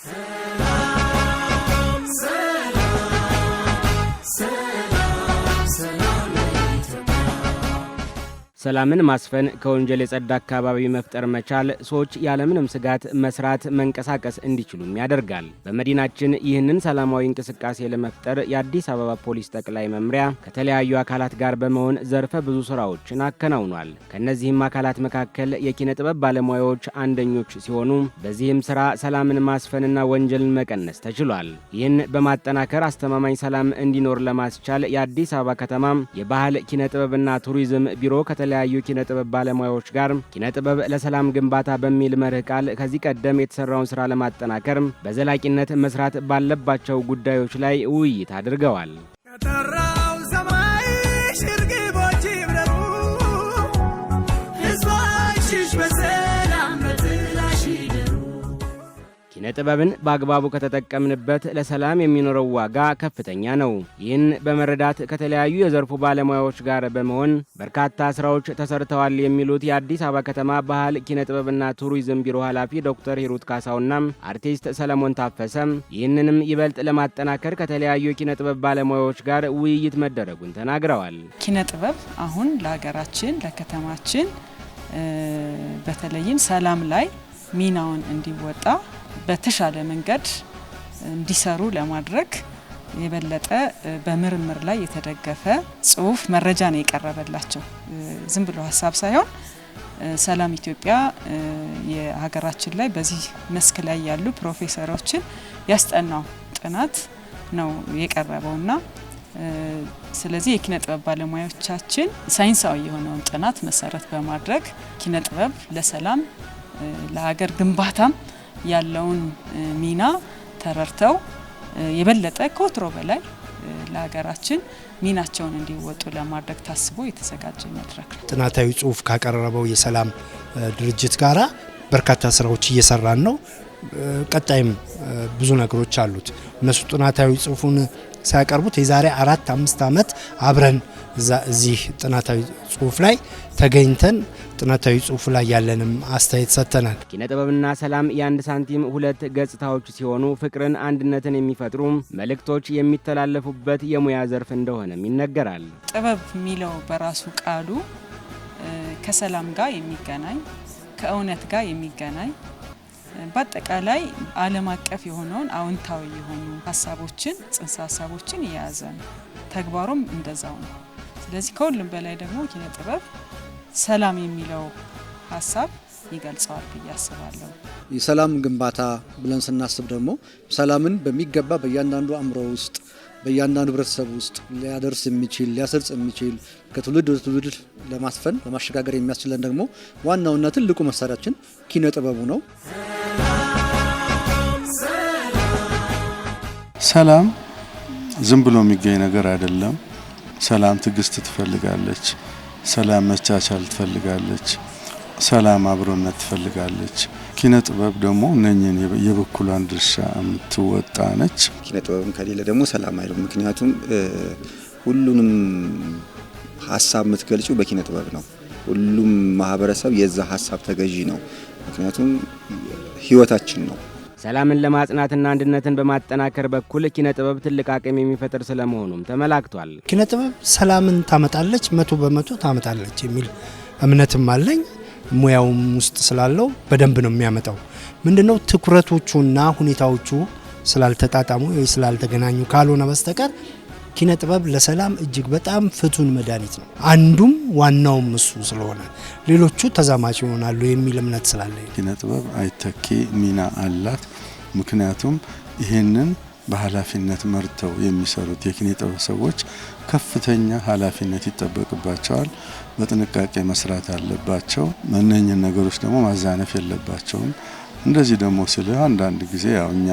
Say ሰላምን ማስፈን ከወንጀል የጸዳ አካባቢ መፍጠር መቻል ሰዎች ያለምንም ስጋት መስራት፣ መንቀሳቀስ እንዲችሉም ያደርጋል። በመዲናችን ይህንን ሰላማዊ እንቅስቃሴ ለመፍጠር የአዲስ አበባ ፖሊስ ጠቅላይ መምሪያ ከተለያዩ አካላት ጋር በመሆን ዘርፈ ብዙ ስራዎችን አከናውኗል። ከእነዚህም አካላት መካከል የኪነ ጥበብ ባለሙያዎች አንደኞች ሲሆኑ በዚህም ስራ ሰላምን ማስፈንና ወንጀልን መቀነስ ተችሏል። ይህን በማጠናከር አስተማማኝ ሰላም እንዲኖር ለማስቻል የአዲስ አበባ ከተማ የባህል ኪነ ጥበብና ቱሪዝም ቢሮ ከተለያዩ ኪነ ጥበብ ባለሙያዎች ጋር ኪነ ጥበብ ለሰላም ግንባታ በሚል መርህ ቃል ከዚህ ቀደም የተሰራውን ስራ ለማጠናከር በዘላቂነት መስራት ባለባቸው ጉዳዮች ላይ ውይይት አድርገዋል። She's ኪነ ጥበብን በአግባቡ ከተጠቀምንበት ለሰላም የሚኖረው ዋጋ ከፍተኛ ነው። ይህን በመረዳት ከተለያዩ የዘርፉ ባለሙያዎች ጋር በመሆን በርካታ ስራዎች ተሰርተዋል የሚሉት የአዲስ አበባ ከተማ ባህል ኪነ ጥበብና ቱሪዝም ቢሮ ኃላፊ ዶክተር ሂሩት ካሳውና አርቲስት ሰለሞን ታፈሰም ይህንንም ይበልጥ ለማጠናከር ከተለያዩ የኪነ ጥበብ ባለሙያዎች ጋር ውይይት መደረጉን ተናግረዋል። ኪነ ጥበብ አሁን ለሀገራችን ለከተማችን በተለይም ሰላም ላይ ሚናውን እንዲወጣ በተሻለ መንገድ እንዲሰሩ ለማድረግ የበለጠ በምርምር ላይ የተደገፈ ጽሁፍ መረጃ ነው የቀረበላቸው። ዝም ብሎ ሀሳብ ሳይሆን ሰላም ኢትዮጵያ የሀገራችን ላይ በዚህ መስክ ላይ ያሉ ፕሮፌሰሮችን ያስጠናው ጥናት ነው የቀረበውና ስለዚህ የኪነ ጥበብ ባለሙያዎቻችን ሳይንሳዊ የሆነውን ጥናት መሰረት በማድረግ ኪነ ጥበብ ለሰላም ለሀገር ግንባታም ያለውን ሚና ተረድተው የበለጠ ከወትሮ በላይ ለሀገራችን ሚናቸውን እንዲወጡ ለማድረግ ታስቦ የተዘጋጀ መድረክ ነው። ጥናታዊ ጽሁፍ ካቀረበው የሰላም ድርጅት ጋራ በርካታ ስራዎች እየሰራን ነው። ቀጣይም ብዙ ነገሮች አሉት። እነሱ ጥናታዊ ጽሁፉን ሲያቀርቡት የዛሬ አራት አምስት ዓመት አብረን እዚህ ጥናታዊ ጽሁፍ ላይ ተገኝተን ጥናታዊ ጽሁፍ ላይ ያለንም አስተያየት ሰጥተናል። ኪነ ጥበብና ሰላም የአንድ ሳንቲም ሁለት ገጽታዎች ሲሆኑ ፍቅርን፣ አንድነትን የሚፈጥሩ መልእክቶች የሚተላለፉበት የሙያ ዘርፍ እንደሆነም ይነገራል። ጥበብ የሚለው በራሱ ቃሉ ከሰላም ጋር የሚገናኝ ከእውነት ጋር የሚገናኝ በአጠቃላይ ዓለም አቀፍ የሆነውን አዎንታዊ የሆኑ ሀሳቦችን ጽንሰ ሀሳቦችን የያዘ ነው። ተግባሩም እንደዛው ነው። ስለዚህ ከሁሉም በላይ ደግሞ ኪነ ጥበብ ሰላም የሚለው ሀሳብ ይገልጸዋል ብዬ አስባለሁ። የሰላም ግንባታ ብለን ስናስብ ደግሞ ሰላምን በሚገባ በእያንዳንዱ አእምሮ ውስጥ በእያንዳንዱ ህብረተሰብ ውስጥ ሊያደርስ የሚችል ሊያሰርጽ የሚችል ከትውልድ ወደ ትውልድ ለማስፈን ለማሸጋገር የሚያስችለን ደግሞ ዋናውና ትልቁ መሳሪያችን ኪነ ጥበቡ ነው። ሰላም ዝም ብሎ የሚገኝ ነገር አይደለም። ሰላም ትዕግስት ትፈልጋለች። ሰላም መቻቻል ትፈልጋለች። ሰላም አብሮነት ትፈልጋለች። ኪነ ጥበብ ደግሞ እነኝን የበኩሏን ድርሻ የምትወጣ ነች። ኪነ ጥበብም ከሌለ ደግሞ ሰላም አይሉም። ምክንያቱም ሁሉንም ሀሳብ የምትገልጩ በኪነ ጥበብ ነው። ሁሉም ማህበረሰብ የዛ ሀሳብ ተገዢ ነው። ምክንያቱም ህይወታችን ነው። ሰላምን ለማጽናትና አንድነትን በማጠናከር በኩል ኪነ ጥበብ ትልቅ አቅም የሚፈጥር ስለመሆኑም ተመላክቷል። ኪነ ጥበብ ሰላምን ታመጣለች፣ መቶ በመቶ ታመጣለች የሚል እምነትም አለኝ። ሙያውም ውስጥ ስላለው በደንብ ነው የሚያመጣው። ምንድነው ትኩረቶቹና ሁኔታዎቹ ስላልተጣጣሙ ወይ ስላልተገናኙ ካልሆነ በስተቀር ኪነ ጥበብ ለሰላም እጅግ በጣም ፍቱን መድኃኒት ነው። አንዱም ዋናውም እሱ ስለሆነ ሌሎቹ ተዛማች ይሆናሉ የሚል እምነት ስላለ ኪነ ጥበብ አይተኪ ሚና አላት። ምክንያቱም ይህንን በኃላፊነት መርተው የሚሰሩት የኪነ ጥበብ ሰዎች ከፍተኛ ኃላፊነት ይጠበቅባቸዋል። በጥንቃቄ መስራት አለባቸው። እነኝህን ነገሮች ደግሞ ማዛነፍ የለባቸውም። እንደዚህ ደግሞ ስለ አንዳንድ ጊዜ ያው እኛ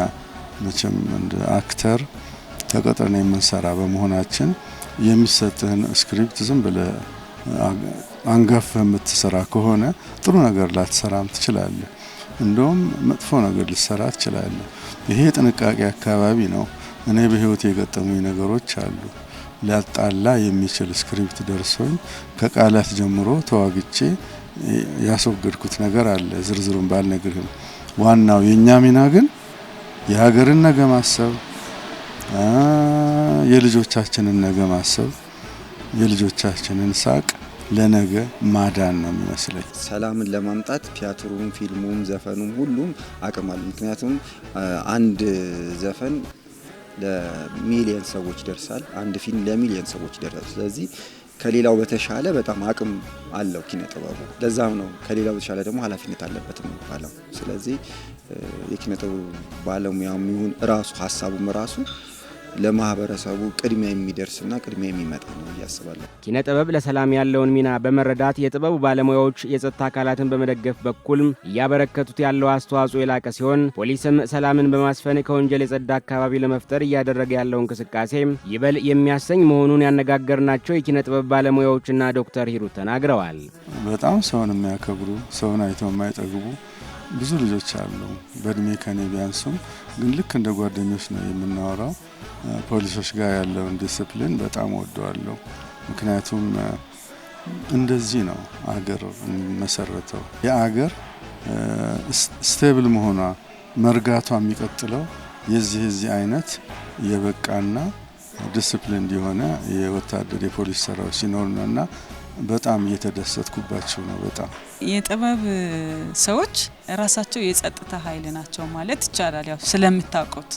መቼም እንደ አክተር ተቀጥረን የምንሰራ በመሆናችን የሚሰጥህን ስክሪፕት ዝም ብለህ አንጋፍህ የምትሰራ ከሆነ ጥሩ ነገር ላትሰራም ትችላለህ። እንደውም መጥፎ ነገር ልሰራ ትችላለህ። ይሄ ጥንቃቄ አካባቢ ነው። እኔ በህይወት የገጠሙኝ ነገሮች አሉ። ሊያጣላ የሚችል ስክሪፕት ደርሶኝ ከቃላት ጀምሮ ተዋግቼ ያስወገድኩት ነገር አለ። ዝርዝሩን ባልነግርህም ዋናው የእኛ ሚና ግን የሀገርን ነገ ማሰብ የልጆቻችንን ነገ ማሰብ የልጆቻችንን ሳቅ ለነገ ማዳን ነው የሚመስለኝ። ሰላምን ለማምጣት ቲያትሩም፣ ፊልሙም፣ ዘፈኑም ሁሉም አቅም አለ። ምክንያቱም አንድ ዘፈን ለሚሊየን ሰዎች ይደርሳል። አንድ ፊልም ለሚሊየን ሰዎች ይደርሳል። ስለዚህ ከሌላው በተሻለ በጣም አቅም አለው ኪነ ጥበቡ። ለዛም ነው ከሌላው በተሻለ ደግሞ ኃላፊነት አለበት የሚባለው። ስለዚህ የኪነ ጥበቡ ባለሙያም ይሁን ራሱ ሀሳቡም ራሱ ለማህበረሰቡ ቅድሚያ የሚደርስና ቅድሚያ የሚመጣ ነው እያስባለሁ። ኪነ ጥበብ ለሰላም ያለውን ሚና በመረዳት የጥበቡ ባለሙያዎች የጸጥታ አካላትን በመደገፍ በኩልም እያበረከቱት ያለው አስተዋጽኦ የላቀ ሲሆን ፖሊስም ሰላምን በማስፈን ከወንጀል የጸዳ አካባቢ ለመፍጠር እያደረገ ያለው እንቅስቃሴ ይበል የሚያሰኝ መሆኑን ያነጋገርናቸው የኪነ ጥበብ ባለሙያዎችና ዶክተር ሂሩት ተናግረዋል። በጣም ሰውን የሚያከብሩ ሰውን አይተው የማይጠግቡ ብዙ ልጆች አሉ። በእድሜ ከኔ ቢያንሱም ግን ልክ እንደ ጓደኞች ነው የምናወራው ፖሊሶች ጋር ያለውን ዲስፕሊን በጣም ወደዋለሁ። ምክንያቱም እንደዚህ ነው አገር መሰረተው። የአገር ስቴብል መሆኗ መርጋቷ የሚቀጥለው የዚህ የዚህ አይነት የበቃና ዲስፕሊን የሆነ የወታደር የፖሊስ ሰራዊ ሲኖር ነው እና በጣም እየተደሰትኩባቸው ነው። በጣም የጥበብ ሰዎች ራሳቸው የጸጥታ ኃይል ናቸው ማለት ይቻላል። ያው ስለምታውቁት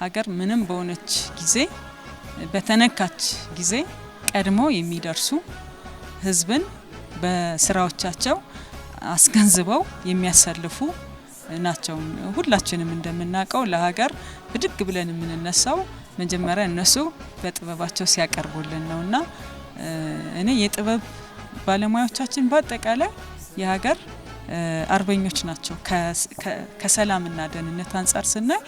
ሀገር ምንም በሆነች ጊዜ በተነካች ጊዜ ቀድሞ የሚደርሱ ህዝብን በስራዎቻቸው አስገንዝበው የሚያሰልፉ ናቸው። ሁላችንም እንደምናውቀው ለሀገር ብድግ ብለን የምንነሳው መጀመሪያ እነሱ በጥበባቸው ሲያቀርቡልን ነው እና እኔ የጥበብ ባለሙያዎቻችን በአጠቃላይ የሀገር አርበኞች ናቸው። ከሰላምና ደህንነት አንጻር ስናይ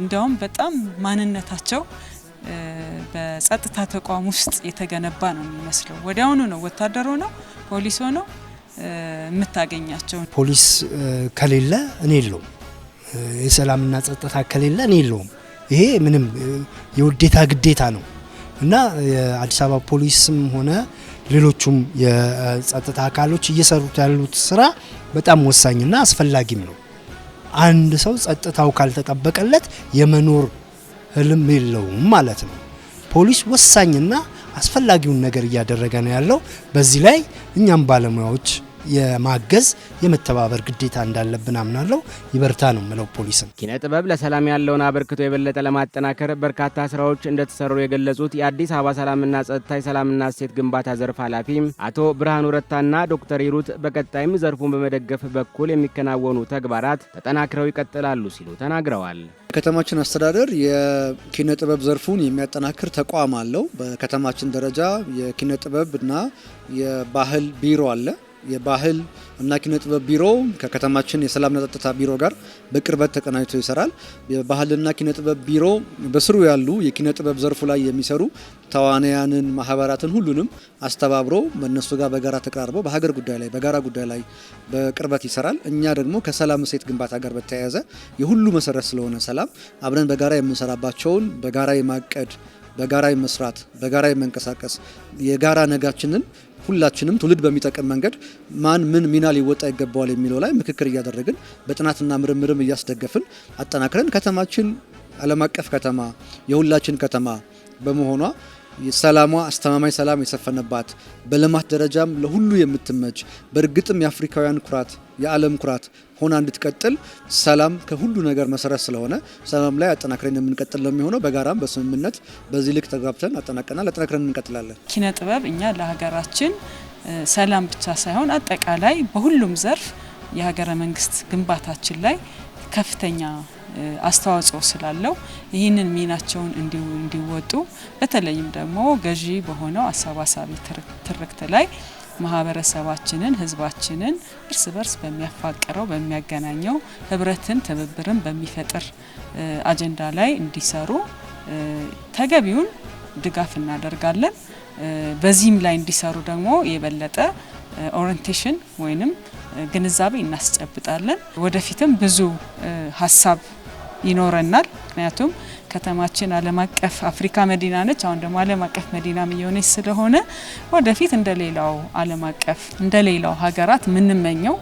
እንዲያውም በጣም ማንነታቸው በጸጥታ ተቋም ውስጥ የተገነባ ነው የሚመስለው። ወዲያውኑ ነው ወታደር ሆነው ፖሊስ ሆነው የምታገኛቸው። ፖሊስ ከሌለ እኔ የለውም፣ የሰላምና ጸጥታ ከሌለ እኔ የለውም። ይሄ ምንም የውዴታ ግዴታ ነው እና የአዲስ አበባ ፖሊስም ሆነ ሌሎቹም የጸጥታ አካሎች እየሰሩት ያሉት ስራ በጣም ወሳኝና አስፈላጊም ነው። አንድ ሰው ጸጥታው ካልተጠበቀለት የመኖር ህልም የለውም ማለት ነው። ፖሊስ ወሳኝና አስፈላጊውን ነገር እያደረገ ነው ያለው። በዚህ ላይ እኛም ባለሙያዎች የማገዝ የመተባበር ግዴታ እንዳለብን አምናለሁ። ይበርታ ነው ምለው ፖሊስን። ኪነ ጥበብ ለሰላም ያለውን አበርክቶ የበለጠ ለማጠናከር በርካታ ስራዎች እንደተሰሩ የገለጹት የአዲስ አበባ ሰላምና ጸጥታ የሰላምና እሴት ግንባታ ዘርፍ ኃላፊ አቶ ብርሃኑ ረታና ዶክተር ሂሩት በቀጣይም ዘርፉን በመደገፍ በኩል የሚከናወኑ ተግባራት ተጠናክረው ይቀጥላሉ ሲሉ ተናግረዋል። የከተማችን አስተዳደር የኪነ ጥበብ ዘርፉን የሚያጠናክር ተቋም አለው። በከተማችን ደረጃ የኪነ ጥበብ እና የባህል ቢሮ አለ። የባህል እና ኪነ ጥበብ ቢሮ ከከተማችን የሰላምና ጸጥታ ቢሮ ጋር በቅርበት ተቀናጅቶ ይሰራል። የባህልና ኪነ ጥበብ ቢሮ በስሩ ያሉ የኪነ ጥበብ ዘርፉ ላይ የሚሰሩ ተዋናያንን፣ ማህበራትን ሁሉንም አስተባብሮ በእነሱ ጋር በጋራ ተቀራርቦ በሀገር ጉዳይ ላይ በጋራ ጉዳይ ላይ በቅርበት ይሰራል። እኛ ደግሞ ከሰላም እሴት ግንባታ ጋር በተያያዘ የሁሉ መሰረት ስለሆነ ሰላም አብረን በጋራ የምንሰራባቸውን በጋራ የማቀድ በጋራ የመስራት በጋራ የመንቀሳቀስ የጋራ ነጋችንን ሁላችንም ትውልድ በሚጠቅም መንገድ ማን ምን ሚና ሊወጣ ይገባዋል የሚለው ላይ ምክክር እያደረግን በጥናትና ምርምርም እያስደገፍን አጠናክረን ከተማችን ዓለም አቀፍ ከተማ የሁላችን ከተማ በመሆኗ ሰላሟ አስተማማኝ ሰላም የሰፈነባት በልማት ደረጃም ለሁሉ የምትመች በእርግጥም የአፍሪካውያን ኩራት የዓለም ኩራት ሆና እንድትቀጥል ሰላም ከሁሉ ነገር መሰረት ስለሆነ ሰላም ላይ አጠናክረን የምንቀጥል ነው የሚሆነው። በጋራም በስምምነት በዚህ ልክ ተጋብተን አጠናቀናል። አጠናክረን እንቀጥላለን። ኪነ ጥበብ እኛ ለሀገራችን ሰላም ብቻ ሳይሆን አጠቃላይ በሁሉም ዘርፍ የሀገረ መንግስት ግንባታችን ላይ ከፍተኛ አስተዋጽኦ ስላለው ይህንን ሚናቸውን እንዲወጡ በተለይም ደግሞ ገዢ በሆነው አሰባሳቢ ትርክት ላይ ማህበረሰባችንን ህዝባችንን እርስ በርስ በሚያፋቅረው በሚያገናኘው ህብረትን ትብብርን በሚፈጥር አጀንዳ ላይ እንዲሰሩ ተገቢውን ድጋፍ እናደርጋለን። በዚህም ላይ እንዲሰሩ ደግሞ የበለጠ ኦሪንቴሽን ወይንም ግንዛቤ እናስጨብጣለን። ወደፊትም ብዙ ሀሳብ ይኖረናል። ምክንያቱም ከተማችን ዓለም አቀፍ አፍሪካ መዲና ነች። አሁን ደግሞ ዓለም አቀፍ መዲናም እየሆነች ስለሆነ ወደፊት እንደሌላው ዓለም አቀፍ እንደሌላው ሀገራት የምንመኘው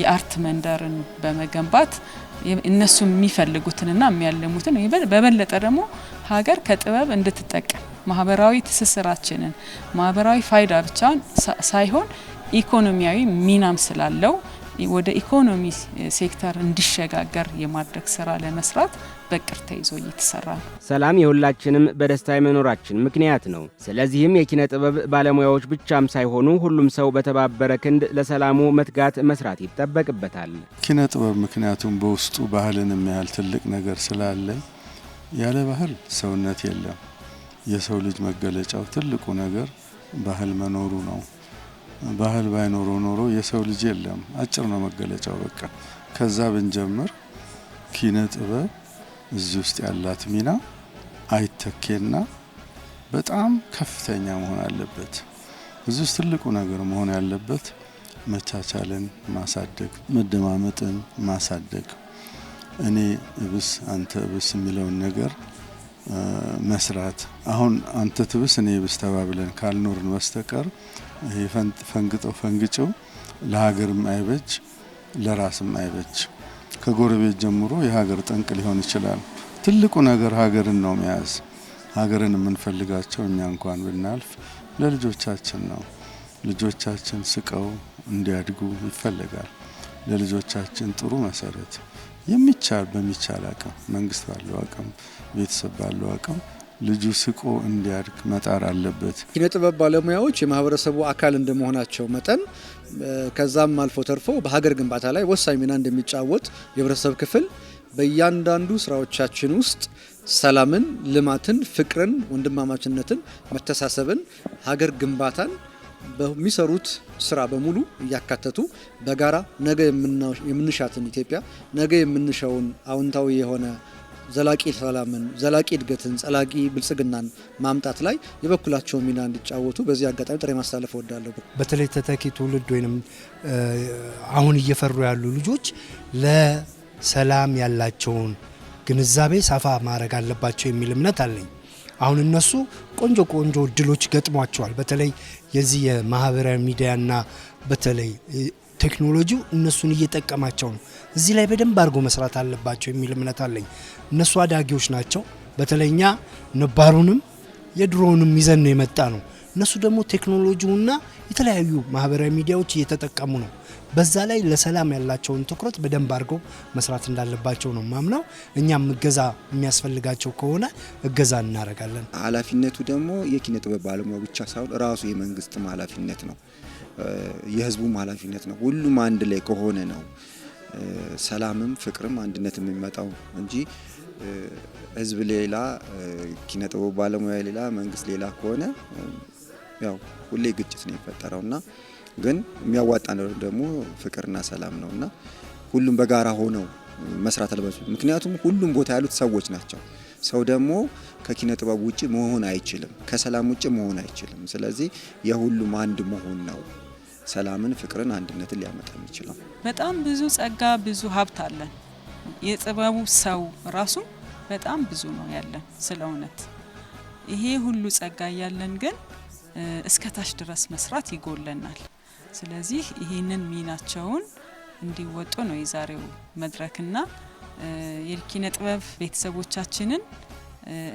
የአርት መንደርን በመገንባት እነሱ የሚፈልጉትንና የሚያልሙትን በበለጠ ደግሞ ሀገር ከጥበብ እንድትጠቀም ማህበራዊ ትስስራችንን ማህበራዊ ፋይዳ ብቻ ሳይሆን ኢኮኖሚያዊ ሚናም ስላለው ወደ ኢኮኖሚ ሴክተር እንዲሸጋገር የማድረግ ስራ ለመስራት በቅር ተይዞ እየተሰራ ነው። ሰላም የሁላችንም በደስታ የመኖራችን ምክንያት ነው። ስለዚህም የኪነ ጥበብ ባለሙያዎች ብቻም ሳይሆኑ ሁሉም ሰው በተባበረ ክንድ ለሰላሙ መትጋት መስራት ይጠበቅበታል። ኪነ ጥበብ ምክንያቱም በውስጡ ባህልንም ያህል ትልቅ ነገር ስላለ ያለ ባህል ሰውነት የለም። የሰው ልጅ መገለጫው ትልቁ ነገር ባህል መኖሩ ነው። ባህል ባይኖረው ኖሮ የሰው ልጅ የለም። አጭር ነው መገለጫው በቃ። ከዛ ብንጀምር ኪነ ጥበብ እዚህ ውስጥ ያላት ሚና አይተኬና በጣም ከፍተኛ መሆን አለበት። እዚህ ውስጥ ትልቁ ነገር መሆን ያለበት መቻቻልን ማሳደግ፣ መደማመጥን ማሳደግ እኔ እብስ አንተ እብስ የሚለውን ነገር መስራት አሁን አንተ ትብስ እኔ ብስ ተባብለን ካልኖርን በስተቀር ይሄ ፈንግጠው ፈንግጨው ለሀገርም አይበጅ ለራስም አይበጅ። ከጎረቤት ጀምሮ የሀገር ጠንቅ ሊሆን ይችላል። ትልቁ ነገር ሀገርን ነው መያዝ። ሀገርን የምንፈልጋቸው እኛ እንኳን ብናልፍ ለልጆቻችን ነው። ልጆቻችን ስቀው እንዲያድጉ ይፈለጋል። ለልጆቻችን ጥሩ መሰረት የሚቻል በሚቻል አቅም መንግስት ባለው አቅም ቤተሰብ ባለው አቅም ልጁ ስቆ እንዲያድግ መጣር አለበት። ጥበብ ባለሙያዎች የማህበረሰቡ አካል እንደመሆናቸው መጠን ከዛም አልፎ ተርፎ በሀገር ግንባታ ላይ ወሳኝ ሚና እንደሚጫወት የህብረተሰብ ክፍል በእያንዳንዱ ስራዎቻችን ውስጥ ሰላምን፣ ልማትን፣ ፍቅርን፣ ወንድማማችነትን፣ መተሳሰብን፣ ሀገር ግንባታን በሚሰሩት ስራ በሙሉ እያካተቱ በጋራ ነገ የምንሻትን ኢትዮጵያ ነገ የምንሻውን አዎንታዊ የሆነ ዘላቂ ሰላምን፣ ዘላቂ እድገትን፣ ዘላቂ ብልጽግናን ማምጣት ላይ የበኩላቸውን ሚና እንዲጫወቱ በዚህ አጋጣሚ ጥሪ ማስተላለፍ እወዳለሁ። በተለይ ተተኪ ትውልድ ወይም አሁን እየፈሩ ያሉ ልጆች ለሰላም ያላቸውን ግንዛቤ ሰፋ ማድረግ አለባቸው የሚል እምነት አለኝ። አሁን እነሱ ቆንጆ ቆንጆ እድሎች ገጥሟቸዋል። በተለይ የዚህ የማህበራዊ ሚዲያና በተለይ ቴክኖሎጂው እነሱን እየጠቀማቸው ነው። እዚህ ላይ በደንብ አድርጎ መስራት አለባቸው የሚል እምነት አለኝ። እነሱ አዳጊዎች ናቸው። በተለይ እኛ ነባሩንም የድሮውንም ይዘን ነው የመጣ ነው። እነሱ ደግሞ ቴክኖሎጂውና የተለያዩ ማህበራዊ ሚዲያዎች እየተጠቀሙ ነው። በዛ ላይ ለሰላም ያላቸውን ትኩረት በደንብ አድርገው መስራት እንዳለባቸው ነው ማምነው። እኛም እገዛ የሚያስፈልጋቸው ከሆነ እገዛ እናደርጋለን። ኃላፊነቱ ደግሞ የኪነ ጥበብ ባለሙያ ብቻ ሳይሆን ራሱ የመንግስትም ኃላፊነት ነው፣ የህዝቡም ኃላፊነት ነው። ሁሉም አንድ ላይ ከሆነ ነው ሰላምም ፍቅርም አንድነትም የሚመጣው እንጂ ህዝብ ሌላ ኪነ ጥበብ ባለሙያ ሌላ መንግስት ሌላ ከሆነ ያው ሁሌ ግጭት ነው የፈጠረው እና ግን የሚያዋጣ ደግሞ ፍቅርና ሰላም ነው እና ሁሉም በጋራ ሆነው መስራት አልበሱ ምክንያቱም ሁሉም ቦታ ያሉት ሰዎች ናቸው። ሰው ደግሞ ከኪነ ጥበብ ውጭ መሆን አይችልም፣ ከሰላም ውጭ መሆን አይችልም። ስለዚህ የሁሉም አንድ መሆን ነው ሰላምን፣ ፍቅርን፣ አንድነትን ሊያመጣ የሚችለው። በጣም ብዙ ጸጋ፣ ብዙ ሀብት አለን። የጥበቡ ሰው ራሱ በጣም ብዙ ነው ያለን ስለ እውነት ይሄ ሁሉ ጸጋ እያለን ግን እስከ ታች ድረስ መስራት ይጎለናል። ስለዚህ ይህንን ሚናቸውን እንዲወጡ ነው የዛሬው መድረክና የኪነ ጥበብ ቤተሰቦቻችንን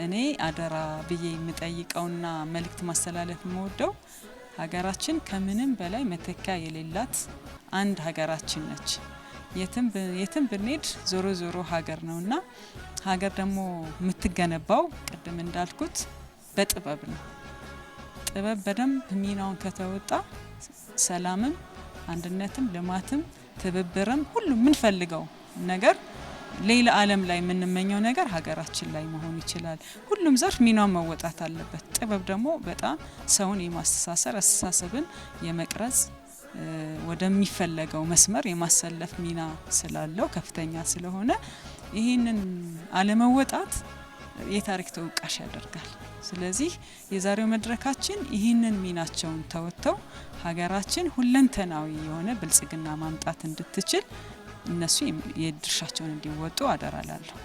እኔ አደራ ብዬ የምጠይቀውና መልእክት ማስተላለፍ የምወደው ሀገራችን ከምንም በላይ መተኪያ የሌላት አንድ ሀገራችን ነች። የትም ብንሄድ ዞሮ ዞሮ ሀገር ነውና ሀገር ደግሞ የምትገነባው ቅድም እንዳልኩት በጥበብ ነው። ጥበብ በደንብ ሚናውን ከተወጣ ሰላምም፣ አንድነትም፣ ልማትም፣ ትብብርም ሁሉ የምንፈልገው ነገር ሌላ ዓለም ላይ የምንመኘው ነገር ሀገራችን ላይ መሆን ይችላል። ሁሉም ዘርፍ ሚናውን መወጣት አለበት። ጥበብ ደግሞ በጣም ሰውን የማስተሳሰር አስተሳሰብን የመቅረጽ ወደሚፈለገው መስመር የማሰለፍ ሚና ስላለው ከፍተኛ ስለሆነ ይህንን አለመወጣት የታሪክ ተወቃሽ ያደርጋል። ስለዚህ የዛሬው መድረካችን ይህንን ሚናቸውን ተወጥተው ሀገራችን ሁለንተናዊ የሆነ ብልጽግና ማምጣት እንድትችል እነሱ የድርሻቸውን እንዲወጡ አደራላለሁ።